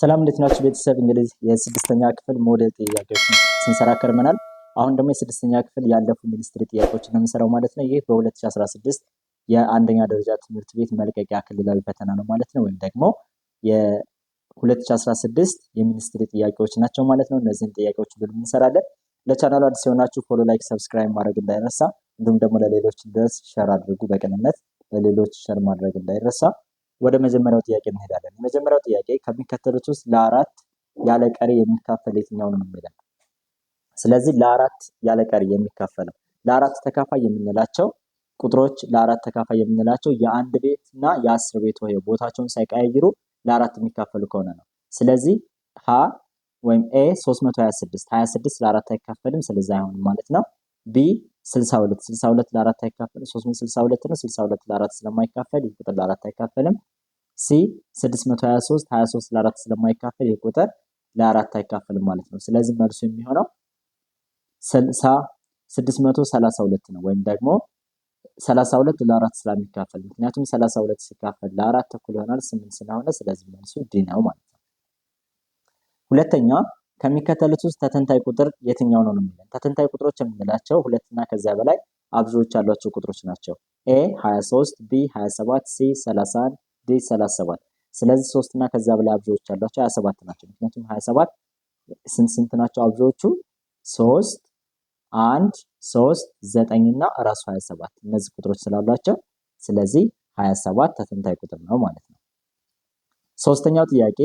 ሰላም እንዴት ናችሁ ቤተሰብ? እንግዲህ የስድስተኛ ክፍል ሞዴል ጥያቄዎች ስንሰራ ከርመናል። አሁን ደግሞ የስድስተኛ ክፍል ያለፉ ሚኒስትሪ ጥያቄዎች ነው የምንሰራው ማለት ነው። ይህ በ2016 የአንደኛ ደረጃ ትምህርት ቤት መልቀቂያ ክልላዊ ፈተና ነው ማለት ነው። ወይም ደግሞ የ2016 የሚኒስትሪ ጥያቄዎች ናቸው ማለት ነው። እነዚህን ጥያቄዎች ሁሉንም እንሰራለን። ለቻናሉ አዲስ የሆናችሁ ፎሎ፣ ላይክ፣ ሰብስክራይብ ማድረግ እንዳይረሳ፣ እንዲሁም ደግሞ ለሌሎች ድረስ ሸር አድርጉ። በቅንነት ለሌሎች ሸር ማድረግ እንዳይረሳ ወደ መጀመሪያው ጥያቄ እንሄዳለን። የመጀመሪያው ጥያቄ ከሚከተሉት ውስጥ ለአራት ያለ ቀሪ የሚካፈል የትኛው ነው የሚለን። ስለዚህ ለአራት ያለ ቀሪ የሚካፈለው ለአራት ተካፋይ የምንላቸው ቁጥሮች ለአራት ተካፋይ የምንላቸው የአንድ ቤት እና የአስር ቤት ወይ ቦታቸውን ሳይቀያይሩ ለአራት የሚካፈሉ ከሆነ ነው። ስለዚህ ሀ ወይም ኤ 326 26 ለአራት አይካፈልም፣ ስለዚህ አይሆንም ማለት ነው። ቢ ስልሳ ሁለት ስልሳ ሁለት ለአራት አይካፈልም። ሶስት መቶ ስልሳ ሁለት ነው። ስልሳ ሁለት ለአራት ስለማይካፈል ይህ ቁጥር ለአራት አይካፈልም። ሲ ስድስት መቶ ሀያ ሶስት ሀያ ሶስት ለአራት ስለማይካፈል ይህ ቁጥር ለአራት አይካፈልም ማለት ነው። ስለዚህ መልሱ የሚሆነው ስልሳ ስድስት መቶ ሰላሳ ሁለት ነው ወይም ደግሞ ሰላሳ ሁለት ለአራት ስለሚካፈል ምክንያቱም ሰላሳ ሁለት ሲካፈል ለአራት እኩል ይሆናል ስምንት ስለሆነ ስለዚህ መልሱ ዲ ነው ማለት ነው። ሁለተኛ ከሚከተሉት ውስጥ ተተንታይ ቁጥር የትኛው ነው የሚለን። ተተንታይ ቁጥሮች የምንላቸው ሁለትና ከዚያ በላይ አብዙዎች ያሏቸው ቁጥሮች ናቸው። ኤ 23፣ ቢ 27፣ ሲ 31፣ ዲ 37። ስለዚህ ሶስት እና ከዚያ በላይ አብዙዎች ያሏቸው 27 ናቸው። ምክንያቱም 27 ስንት ስንት ናቸው አብዙዎቹ? ሶስት አንድ ሶስት ዘጠኝ እና ራሱ 27 እነዚህ ቁጥሮች ስላሏቸው ስለዚህ 27 ተተንታይ ቁጥር ነው ማለት ነው። ሶስተኛው ጥያቄ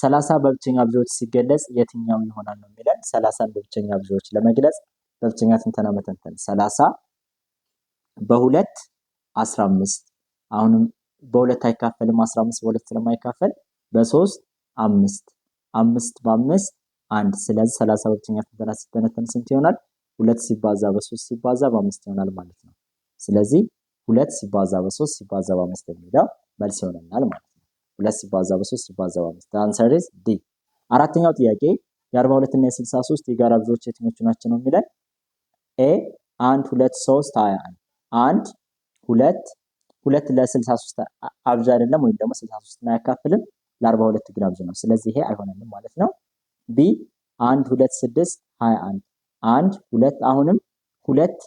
ሰላሳ በብቸኛ ብዙዎች ሲገለጽ የትኛው ይሆናል ነው የሚለን። ሰላሳን በብቸኛ ብዙዎች ለመግለጽ በብቸኛ ትንተና መተንተን ሰላሳ በሁለት አስራ አምስት አሁንም በሁለት አይካፈልም። አስራ አምስት በሁለት ስለማይካፈል በሶስት አምስት አምስት በአምስት አንድ። ስለዚህ ሰላሳ በብቸኛ ትንተና ሲተነተን ስንት ይሆናል? ሁለት ሲባዛ በሶስት ሲባዛ በአምስት ይሆናል ማለት ነው። ስለዚህ ሁለት ሲባዛ በሶስት ሲባዛ በአምስት የሚለው መልስ ይሆነናል ማለት ነው። ሁለት ሲባዛ በሶስት ሲባዛ በአምስት አንሰር ኢዝ ዲ። አራተኛው ጥያቄ የአርባ ሁለት እና የስልሳ ሶስት የጋራ ብዙዎች የትኞቹ ናቸው ነው የሚለን። ኤ አንድ ሁለት ሶስት ሀያ አንድ አንድ ሁለት ሁለት ለስልሳ ሶስት አብዙ አይደለም ወይም ደግሞ ስልሳ ሶስትን አያካፍልም ለአርባ ሁለት ግን አብዙ ነው። ስለዚህ ይሄ አይሆነንም ማለት ነው። ቢ አንድ ሁለት ስድስት ሀያ አንድ አንድ ሁለት አሁንም ሁለት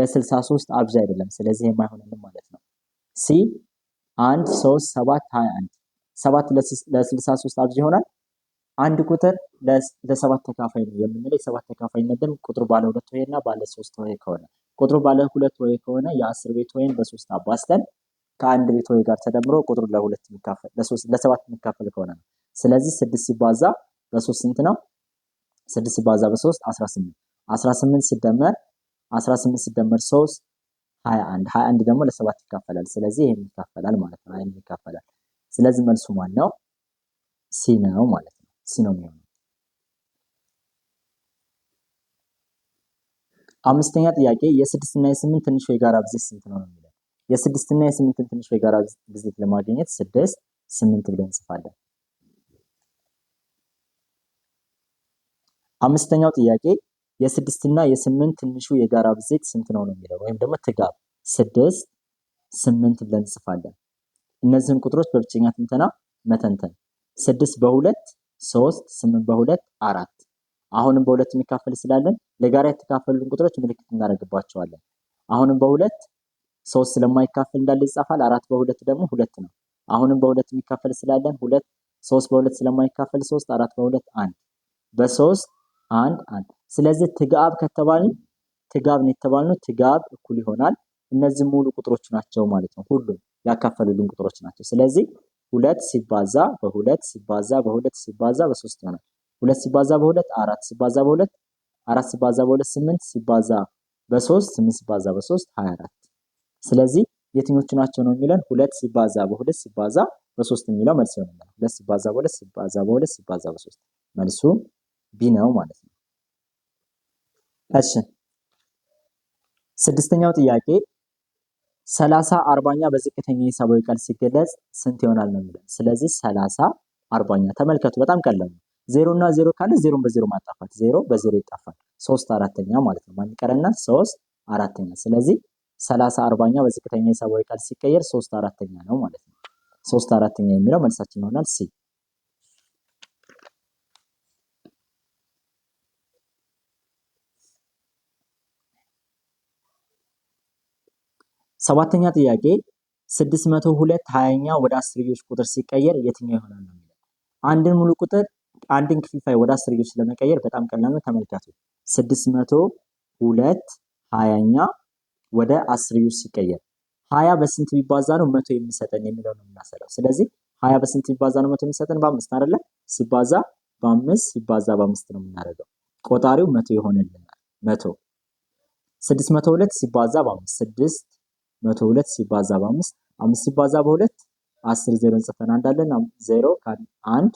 ለስልሳ ሶስት አብዙ አይደለም። ስለዚህ ይሄም አይሆነንም ማለት ነው። ሲ አንድ ሶስት ሰባት ሀያ አንድ ሰባት ለስልሳ ሶስት አብዝ ይሆናል። አንድ ቁጥር ለሰባት ተካፋይ ነው የምንለው የሰባት ተካፋይነትን ቁጥሩ ባለ ሁለት ወይ ወይና ባለ ሶስት ወይ ከሆነ ቁጥሩ ባለ ሁለት ወይ ከሆነ የአስር ቤት ወይን በሶስት አባስተን ከአንድ ቤት ወይ ጋር ተደምሮ ቁጥሩ ለሁለት የሚካፈል ለሰባት የሚካፈል ከሆነ ነው። ስለዚህ ስድስት ሲባዛ በሶስት ስንት ነው? ስድስት ሲባዛ በሶስት አስራ ስምንት አስራ ስምንት ሲደመር አስራ ስምንት ሲደመር ሶስት ሀያ አንድ ሀያ አንድ ደግሞ ለሰባት ይካፈላል። ስለዚህ ይህም ይካፈላል ማለት ነው። ይህም ይካፈላል ስለዚህ መልሱ ማን ነው? ሲ ነው ማለት ነው። ሲ ነው የሚሆነው። አምስተኛ ጥያቄ የስድስትና የስምንት ትንሹ የጋራ ብዜት ስንት ነው ነው የሚለው የስድስትና የስምንትን ትንሹ የጋራ ብዜት ለማግኘት ስድስት ስምንት ብለን እንጽፋለን። አምስተኛው ጥያቄ የስድስትና የስምንት ትንሹ የጋራ ብዜት ስንት ነው ነው የሚለው ወይም ደግሞ ትጋብ ስድስት ስምንት ብለን እንጽፋለን። እነዚህን ቁጥሮች በብቸኛ ትንተና መተንተን ስድስት በሁለት ሶስት ስምንት በሁለት አራት አሁንም በሁለት የሚካፈል ስላለን ለጋራ የተካፈሉን ቁጥሮች ምልክት እናደርግባቸዋለን። አሁንም በሁለት ሶስት ስለማይካፈል እንዳለ ይጻፋል። አራት በሁለት ደግሞ ሁለት ነው። አሁንም በሁለት የሚካፈል ስላለን ሁለት ሶስት በሁለት ስለማይካፈል ሶስት፣ አራት በሁለት አንድ፣ በሶስት አንድ አንድ። ስለዚህ ትጋብ ከተባልን ትጋብ ነው የተባልነው። ትጋብ እኩል ይሆናል እነዚህ ሙሉ ቁጥሮች ናቸው ማለት ነው ሁሉም ያካፈሉልን ቁጥሮች ናቸው። ስለዚህ ሁለት ሲባዛ በሁለት ሲባዛ በሁለት ሲባዛ በሶስት ይሆናል። ሁለት ሲባዛ በሁለት አራት ሲባዛ በሁለት አራት ሲባዛ በሁለት ስምንት ሲባዛ በሶስት ስምንት ሲባዛ በሶስት ሀያ አራት ስለዚህ የትኞቹ ናቸው ነው የሚለን ሁለት ሲባዛ በሁለት ሲባዛ በሶስት የሚለው መልስ ይሆናል። ሁለት ሲባዛ በሁለት ሲባዛ በሁለት ሲባዛ በሶስት መልሱ ቢ ነው ማለት ነው። እሺ ስድስተኛው ጥያቄ ሰላሳ አርባኛ በዝቅተኛ ሂሳባዊ ቃል ሲገለጽ ስንት ይሆናል ነው የሚለው። ስለዚህ ሰላሳ አርባኛ ተመልከቱ፣ በጣም ቀላል ዜሮ እና ዜሮ ካለ ዜሮን በዜሮ ማጣፋት፣ ዜሮ በዜሮ ይጣፋል። ሶስት አራተኛ ማለት ነው። ማን ቀረና? ሶስት አራተኛ። ስለዚህ ሰላሳ አርባኛ በዝቅተኛ ሂሳባዊ ቃል ሲቀየር ሶስት አራተኛ ነው ማለት ነው። ሶስት አራተኛ የሚለው መልሳችን ይሆናል ሲ ሰባተኛ ጥያቄ 602 20ኛ ወደ አስርዮሽ ቁጥር ሲቀየር የትኛው ይሆናል ነው የሚለው። አንድን ሙሉ ቁጥር አንድን ክፍልፋይ ወደ አስርዮሽ ለመቀየር በጣም ቀላል ነው። ተመልከቱ 602 ኛ ወደ አስርዮሽ ሲቀየር ሀያ በስንት ቢባዛ ነው መቶ የሚሰጠን የሚለው ነው የምናሰላው። ስለዚህ ሀያ በስንት ቢባዛ ነው መቶ የሚሰጠን? በአምስት አይደለ? ሲባዛ በአምስት ሲባዛ በአምስት ነው የምናደርገው። ቆጣሪው መቶ ይሆንልናል። መቶ ስድስት መቶ ሁለት ሲባዛ በአምስት ስድስት መቶ ሁለት ሲባዛ በአምስት አምስት ሲባዛ በሁለት አስር ዜሮ እንጽፈን አንዳለን ዜሮ አንድ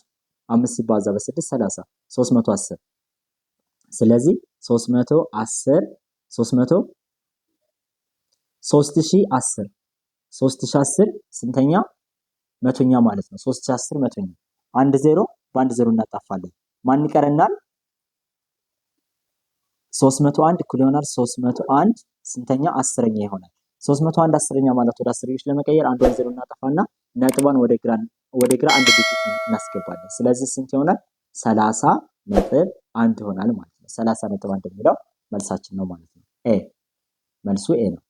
አምስት ሲባዛ በስድስት ሰላሳ ሶስት መቶ አስር ስለዚህ ሶስት መቶ አስር ሶስት መቶ ሶስት ሺ አስር ሶስት ሺ አስር ስንተኛ መቶኛ ማለት ነው። ሶስት ሺ አስር መቶኛ አንድ ዜሮ በአንድ ዜሮ እናጣፋለን። ማን ይቀረናል? ሶስት መቶ አንድ እኩል ይሆናል። ሶስት መቶ አንድ ስንተኛ አስረኛ ይሆናል። ሶስት መቶ አንድ አስረኛ ማለት ወደ አስረኞች ለመቀየር አንዷን ዜሮ እናጠፋና ነጥቧን ወደ ግራ አንድ ድጅት እናስገባለን። ስለዚህ ስንት ይሆናል? ሰላሳ ነጥብ አንድ ይሆናል ማለት ነው። ሰላሳ ነጥብ አንድ የሚለው መልሳችን ነው ማለት ነው። ኤ መልሱ ኤ ነው።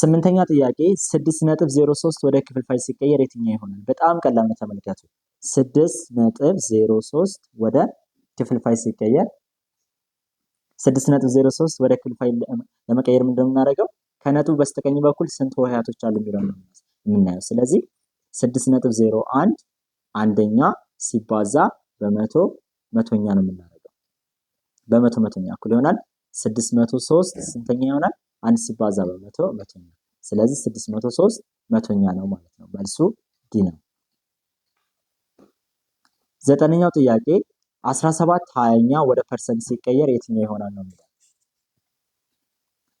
ስምንተኛ ጥያቄ ስድስት ነጥብ ዜሮ ሶስት ወደ ክፍልፋይ ሲቀየር የትኛው ይሆናል? በጣም ቀላል ነው ተመልከቱ። ስድስት ነጥብ ዜሮ ሶስት ወደ ክፍልፋይ ሲቀየር ስድስት ነጥብ ዜሮ ሶስት ወደ ክልፋይ ፋይል ነው እንደምናደርገው ከነጥቡ በስተቀኝ በኩል ስንት ውህያቶች አሉ የሚለው ነው የምናየው። ስለዚህ ስድስት ነጥብ ዜሮ አንድ አንደኛ ሲባዛ በመቶ መቶኛ ነው የምናደርገው። በመቶ መቶኛ እኩል ይሆናል ስድስት መቶ ሶስት ስንተኛ ይሆናል? አንድ ሲባዛ በመቶ መቶኛ። ስለዚህ ስድስት መቶ ሶስት መቶኛ ነው ማለት ነው። መልሱ ዲ ነው። ዘጠነኛው ጥያቄ 17 20ኛ ወደ ፐርሰንት ሲቀየር የትኛው ይሆናል ነው የሚለው።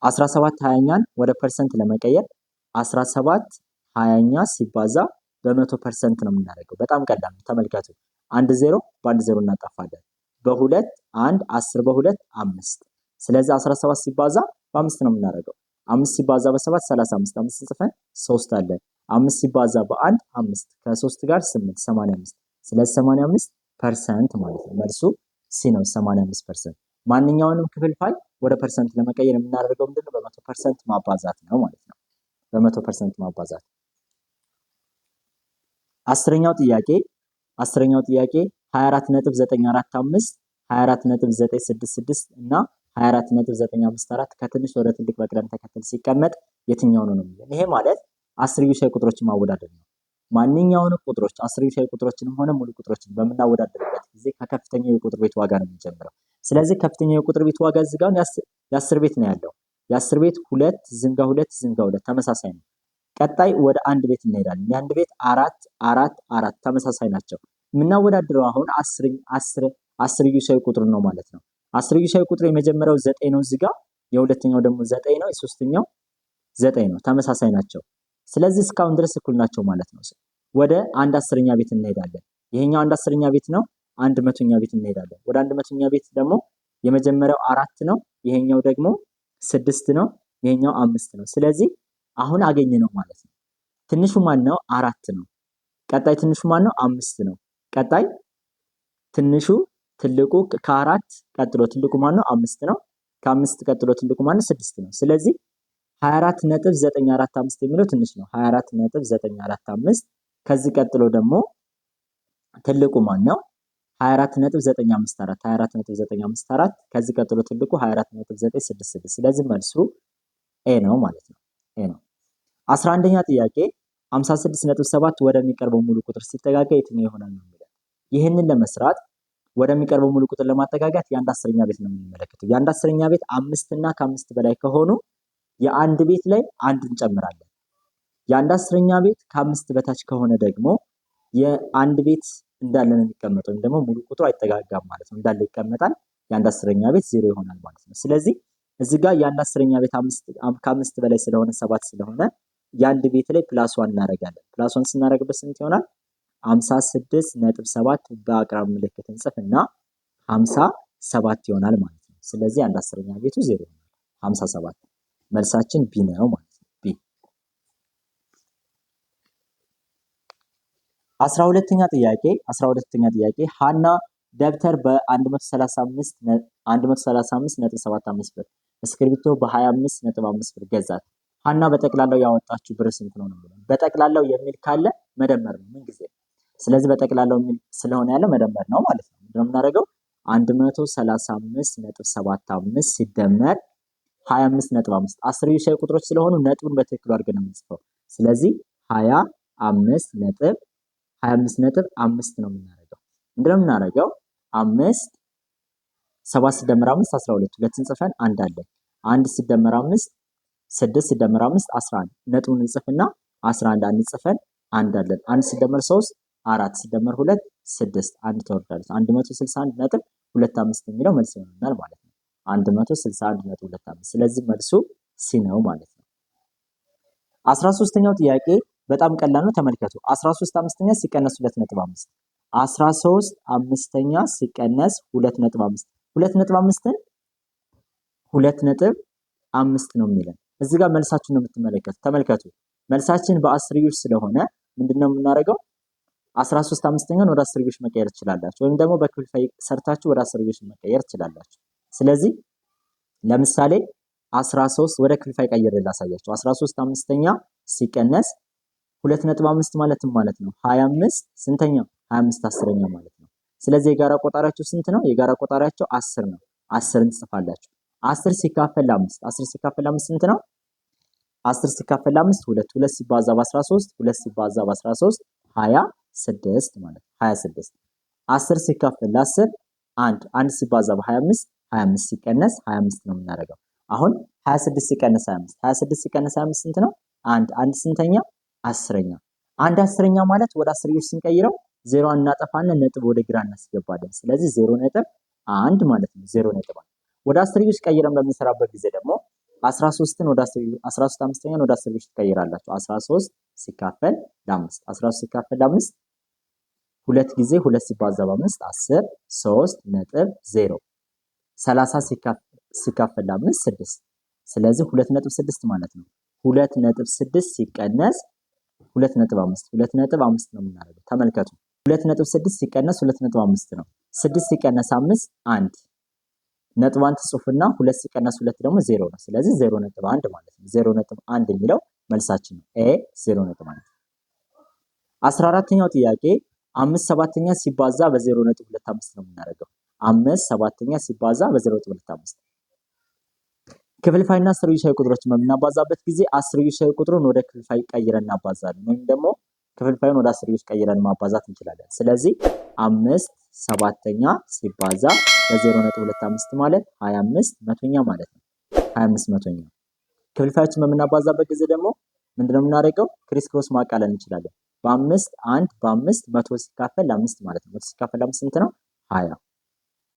17 20ኛን ወደ ፐርሰንት ለመቀየር 17 20ኛ ሲባዛ በመቶ ፐርሰንት ነው የምናደርገው። በጣም ቀላል ተመልከቱ። አንድ ዜሮ በአንድ ዜሮ እናጠፋለን። በሁለት አንድ አስር በሁለት አምስት። ስለዚህ 17 ሲባዛ በአምስት ነው የምናደርገው። አምስት ሲባዛ በሰባት ሰላሳ አምስት አምስት ጽፈን ሶስት አለን። አምስት ሲባዛ በአንድ አምስት ከሶስት ጋር ስምንት ሰማንያ አምስት ስለዚህ ሰማንያ አምስት ፐርሰንት ማለት ነው። መልሱ ሲ ነው 85 ፐርሰንት። ማንኛውንም ክፍልፋይ ወደ ፐርሰንት ለመቀየር የምናደርገው ምንድን ነው? በመቶ ፐርሰንት ማባዛት ነው ማለት ነው። በመቶ ፐርሰንት ማባዛት። አስረኛው ጥያቄ አስረኛው ጥያቄ 24.945 24.966 እና 24.954 ከትንሽ ወደ ትልቅ በቅደም ተከተል ሲቀመጥ የትኛው ነው ነው የሚለን። ይሄ ማለት አስርዮሽ ቁጥሮችን ማወዳደር ነው። ማንኛውንም ቁጥሮች አስርዮሻዊ ቁጥሮችንም ሆነ ሙሉ ቁጥሮችን በምናወዳደርበት ጊዜ ከከፍተኛ የቁጥር ቤት ዋጋ ነው የሚጀምረው። ስለዚህ ከፍተኛ የቁጥር ቤት ዋጋ እዚህ ጋር የአስር ቤት ነው ያለው። የአስር ቤት ሁለት ዝንጋ ሁለት ዝንጋ ሁለት ተመሳሳይ ነው። ቀጣይ ወደ አንድ ቤት እንሄዳለን። የአንድ ቤት አራት አራት አራት ተመሳሳይ ናቸው። የምናወዳድረው አሁን አስርዮሻዊ ቁጥር ነው ማለት ነው። አስርዮሻዊ ቁጥር የመጀመሪያው ዘጠኝ ነው እዚህ ጋር፣ የሁለተኛው ደግሞ ዘጠኝ ነው፣ የሶስተኛው ዘጠኝ ነው። ተመሳሳይ ናቸው። ስለዚህ እስካሁን ድረስ እኩል ናቸው ማለት ነው። ወደ አንድ አስረኛ ቤት እንሄዳለን። ይሄኛው አንድ አስረኛ ቤት ነው። አንድ መቶኛ ቤት እንሄዳለን። ወደ አንድ መቶኛ ቤት ደግሞ የመጀመሪያው አራት ነው። ይሄኛው ደግሞ ስድስት ነው። ይሄኛው አምስት ነው። ስለዚህ አሁን አገኘ ነው ማለት ነው። ትንሹ ማን ነው? አራት ነው። ቀጣይ ትንሹ ማን ነው? አምስት ነው። ቀጣይ ትንሹ ትልቁ ከአራት ቀጥሎ ትልቁ ማን ነው? አምስት ነው። ከአምስት ቀጥሎ ትልቁ ማን ነው? ስድስት ነው። ስለዚህ 24.945 የሚለው ትንሽ ነው። 24.945 ከዚህ ቀጥሎ ደግሞ ትልቁ ማነው? 24.954 24.954 ከዚህ ቀጥሎ ትልቁ 24.966 ስለዚህ መልሱ ኤ ነው ማለት ነው። ኤ ነው። 11ኛ ጥያቄ 56.7 ወደሚቀርበው ሙሉ ቁጥር ሲጠጋጋ የትኛው ይሆናል ነው የሚለው። ይህንን ለመስራት ወደሚቀርበው ሙሉ ቁጥር ለማጠጋጋት የአንድ አስረኛ ቤት ነው የሚመለከተው። የአንድ አስረኛ ቤት እና ከአምስት በላይ ከሆኑ የአንድ ቤት ላይ አንድ እንጨምራለን። የአንድ አስረኛ ቤት ከአምስት በታች ከሆነ ደግሞ የአንድ ቤት እንዳለ ነው የሚቀመጠው፣ ወይም ደግሞ ሙሉ ቁጥሩ አይጠጋጋም ማለት ነው። እንዳለ ይቀመጣል። የአንድ አስረኛ ቤት ዜሮ ይሆናል ማለት ነው። ስለዚህ እዚህ ጋር የአንድ አስረኛ ቤት ከአምስት በላይ ስለሆነ ሰባት ስለሆነ የአንድ ቤት ላይ ፕላስ ዋን እናደርጋለን። ፕላስ ዋን ስናደርግበት ስንት ይሆናል? ሀምሳ ስድስት ነጥብ ሰባት በአቅራብ ምልክት እንጽፍ እና ሀምሳ ሰባት ይሆናል ማለት ነው። ስለዚህ አንድ አስረኛ ቤቱ ዜሮ ይሆናል ሀምሳ ሰባት መልሳችን ቢ ነው ማለት ነው። ቢ አስራ ሁለተኛ ጥያቄ አስራ ሁለተኛ ጥያቄ ሀና ደብተር በ135 ነጥብ 75 ብር እስክሪብቶ በ25 5 ብር ገዛት። ሀና በጠቅላላው ያወጣችው ብር ስንት ነው? በጠቅላላው የሚል ካለ መደመር ነው ምን ጊዜ። ስለዚህ በጠቅላላው የሚል ስለሆነ ያለው መደመር ነው ማለት ነው። ምንድነው የምናደርገው? 135 ነጥብ 75 ሲደመር ሀያ አምስት ነጥብ አምስት አስርዮሻዊ ቁጥሮች ስለሆኑ ነጥቡን በትክክሉ አድርገን የምንጽፈው ስለዚህ ሀያ አምስት ነጥብ ሀያ አምስት ነጥብ አምስት ነው የምናደርገው። ምንድነው የምናደርገው? አምስት ሰባት ስደመር አምስት አስራ ሁለት ሁለትን ጽፈን አንድ አለን። አንድ ስደመር አምስት ስድስት ስደመር አምስት አስራ አንድ ነጥቡን እንጽፍና አስራ አንድ አንድ ጽፈን አንድ አለን። አንድ ስደመር ሶስት አራት ስደመር ሁለት ስድስት አንድ ተወርዳለች። አንድ መቶ ስልሳ አንድ ነጥብ ሁለት አምስት የሚለው መልስ ይሆናል ማለት ነው። 161.25 ስለዚህ መልሱ ሲ ነው ማለት ነው። 13ኛው ጥያቄ በጣም ቀላል ነው ተመልከቱ። 13 አምስተኛ ሲቀነስ 2.5 13 አምስተኛ ሲቀነስ 2.5 2.5ን 2.5 ነው የሚለን እዚህ ጋር መልሳችን ነው የምትመለከቱ። ተመልከቱ መልሳችን በአስርዮች ስለሆነ ምንድነው የምናደርገው? 13 አምስተኛን ወደ አስርዮሽ መቀየር ትችላላችሁ፣ ወይም ደግሞ በክፍልፋይ ሰርታችሁ ወደ አስርዮሽ መቀየር ትችላላችሁ። ስለዚህ ለምሳሌ 13 ወደ ክፍልፋይ ቀይሬ ላሳያቸው። 13 አምስተኛ ሲቀነስ 2.5 ማለት ማለት ነው 25 ስንተኛ 25 አስረኛ ማለት ነው። ስለዚህ የጋራ ቆጣሪያቸው ስንት ነው? የጋራ ቆጣሪያቸው 10 ነው። 10ን ትጽፋላችሁ። 10 ሲካፈል 5 10 ሲካፈል 5 ስንት ነው? 10 ሲካፈል 5 2 2 ሲባዛ በ13 2 ሲባዛ በ13 26 ማለት 26 10 ሲካፈል 10 1 1 ሲባዛ በ25 25 ሲቀነስ 25 ነው የምናደርገው። አሁን 26 ሲቀነስ 25 26 ሲቀነስ 25 ስንት ነው? አንድ አንድ ስንተኛ? አስረኛ። አንድ አስረኛ ማለት ወደ አስርዮሽ ስንቀይረው ዜሮ እናጠፋና ነጥብ ወደ ግራ እናስገባለን። ስለዚህ ዜሮ ነጥብ አንድ ማለት ነው። ዜሮ ነጥብ አንድ ወደ አስርዮሽ ቀይረን በምንሰራበት ጊዜ ደግሞ 13ን ወደ 13 አምስተኛን ወደ አስርዮሽ ትቀይራላችሁ። 13 ሲካፈል ለ5 13 ሲካፈል ለ5 ሁለት ጊዜ ሁለት ሲባዛ በአምስት 10 3 ነጥብ 0 30 ሲካፈል ለአምስት ስድስት ስለዚህ ሁለት ነጥብ ስድስት ማለት ነው። ሁለት ነጥብ ስድስት ሲቀነስ ሁለት ነጥብ አምስት ሁለት ነጥብ አምስት ነው የምናደርገው። ተመልከቱ ሁለት ነጥብ ስድስት ሲቀነስ ሁለት ነጥብ አምስት ነው። ስድስት ሲቀነስ አምስት አንድ ነጥቧን ትጽፉና ሁለት ሲቀነስ ሁለት ደግሞ ዜሮ ነው። ስለዚህ ዜሮ ነጥብ አንድ ማለት ነው። ዜሮ ነጥብ አንድ የሚለው መልሳችን ነው። ኤ ዜሮ ነጥብ አንድ። አስራ አራተኛው ጥያቄ አምስት ሰባተኛ ሲባዛ በዜሮ ነጥብ ሁለት አምስት ነው የምናደርገው አምስት ሰባተኛ ሲባዛ በ0.5 ክፍልፋይና አስርዮሻዊ ቁጥሮችን በምናባዛበት ጊዜ አስርዮሻዊ ቁጥሩን ወደ ክፍልፋይ ቀይረን እናባዛለን ወይም ደግሞ ክፍልፋዩን ወደ አስርዮሽ ቀይረን ማባዛት እንችላለን። ስለዚህ አምስት ሰባተኛ ሲባዛ በ0.25 ማለት 25 መቶኛ ማለት ነው። 25 መቶኛ ክፍልፋዮችን በምናባዛበት ጊዜ ደግሞ ምንድነው የምናደርገው? ክሪስ ክሮስ ማቃለል እንችላለን። በአምስት አንድ በአምስት መቶ ሲካፈል ለአምስት ማለት ነው። መቶ ሲካፈል ለአምስት ስንት ነው? ሀያ